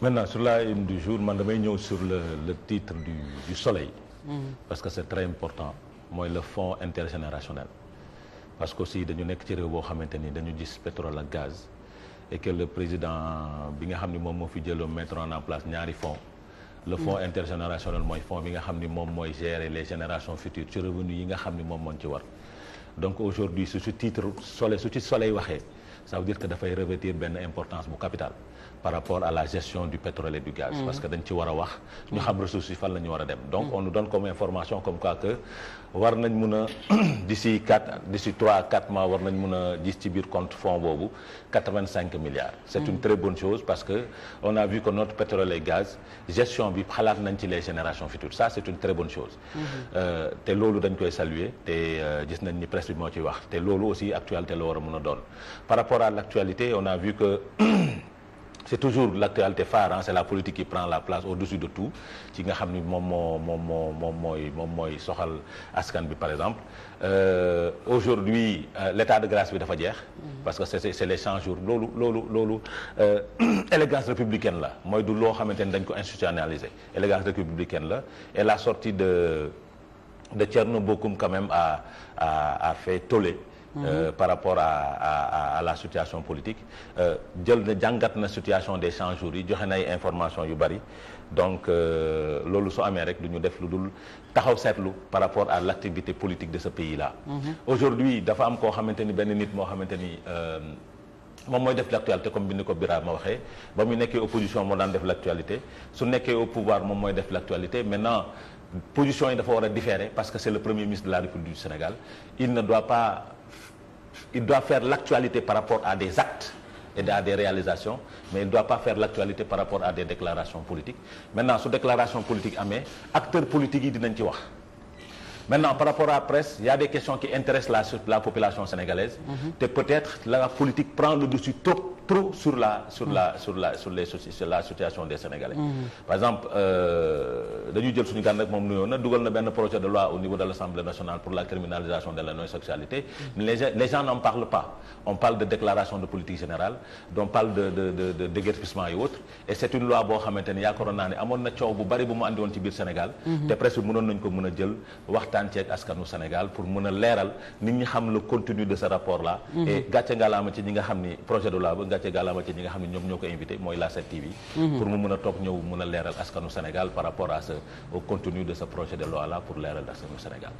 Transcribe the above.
maintenant la une du jour man damay ñëw sur le le titre du du soleil. Mmh. parce que c'est très important mooy le fonds intergénérationnel. parce que aussi dañu nekk ci réew boo xamante ni dañu gis pétrole ak gaz et que le président bi nga xam ni moom moo fi jëloon maitre en place ñaari fonds. le fonds mm. intergénérationnel mooy fonds bi nga xam ni moom mooy gérer les générations futures ci revenu yi nga xam ni moom moo ci war donc aujourd'hui su ci titre soleil su ci soleil waxee. sa veut dire que dafay revêtir benn importance bu capitale par rapport à la gestion du pétrole et du gaz. Mm-hmm. parce que dañ ci war a wax. ñu xam mm-hmm. ressources yi fan la ñu war a dem. donc mm-hmm. on nous donne comme information comme quoi que war nañ mun a d'ici a gis ci biir compte fonds boobu quatre-vingt-cinq milliards. c'est une très bonne chose parce que on a vu que notre pétrole et gaz gestion bi xalaat nañ ci les génération futures ça c'est une très euh, te loolu dañ koy saluer te euh, gis nañ ñi presse bi moo ciy wax te loolu aussi actualité la war a mun a doon rapport à l'actualité on a vu que c'est toujours l'actualité phare hein, c'est la politique qui prend la place au-dessus de tout ci nga xam ni moom moo moom moo moom mooy moom mooy soxal askan bi par exemple euh, aujourd'hui euh, l'état de grâce bi dafa jeex mm-hmm. parce que c'est c'est les 100 jours loolu loolu loolu euh, élégance républicaine la mooy du loo xamante ni dañ ko institutionnaliser élégance républicaine la et la sortie de de Thierno Bocoum quand même a a a fait tollé Euh, par rapport à à la situation politique euh, jël na jàngat na situation des 100 jours yi joxe nay information yu bari donc euh, loolu su amee rek du ñu def lu dul taxaw seetlu par rapport a lactivité activité de ce pays là. Mhm. aujourd'hui dafa am koo xamante ni benn nit moo xamante ni. moom mooy def l' comme bi ni ko Birama waxee ba mu nekkee opposition moo daan def l' actualité su nekkee au pouvoir moom mooy def l' actualité maintenant position yi dafa war a différer parce que c' est le la République du il doit faire l'actualité par rapport à des actes et à des réalisations mais il doit pas faire l'actualité par rapport à des déclarations politiques maintenant su déclaration politique amee acteurs politiques yi dinañ ci wax maintenant par rapport à presse il y a des questions qui intéressent la population sénégalaise mm-hmm. te peut-être la politique prend le dessus trop trop sur la sur la sur la situation des Sénégalais. Mm-hmm. par exemple euh, dañuy jël suñu gan rek moom nuyoo na dugal na benn projet de loi au niveau de l'Assemblée nationale pour la criminalisation de la non-sexualité. Mm-hmm. les gens les gens n'en pas on parle de déclaration de politique générale on parle de de de de et c'est une loi boo xamante ne yaakaaroon naa ne amoon na coow bu bari bu mu andi woon ci biir Sénégal. Mm-hmm. te presque mënoon nañ ko mën a jël waxtaan ceeg askanu Sénégal gàcce gàllaama ci ñi nga xam ne ñoom ñoo ko invité mooy la 7TV mhm. pour mu mën a toog ñëw mën a leeral askanu Sénégal par rapport à ce au contenu de ce projet de loi là pour leeral askanu Sénégal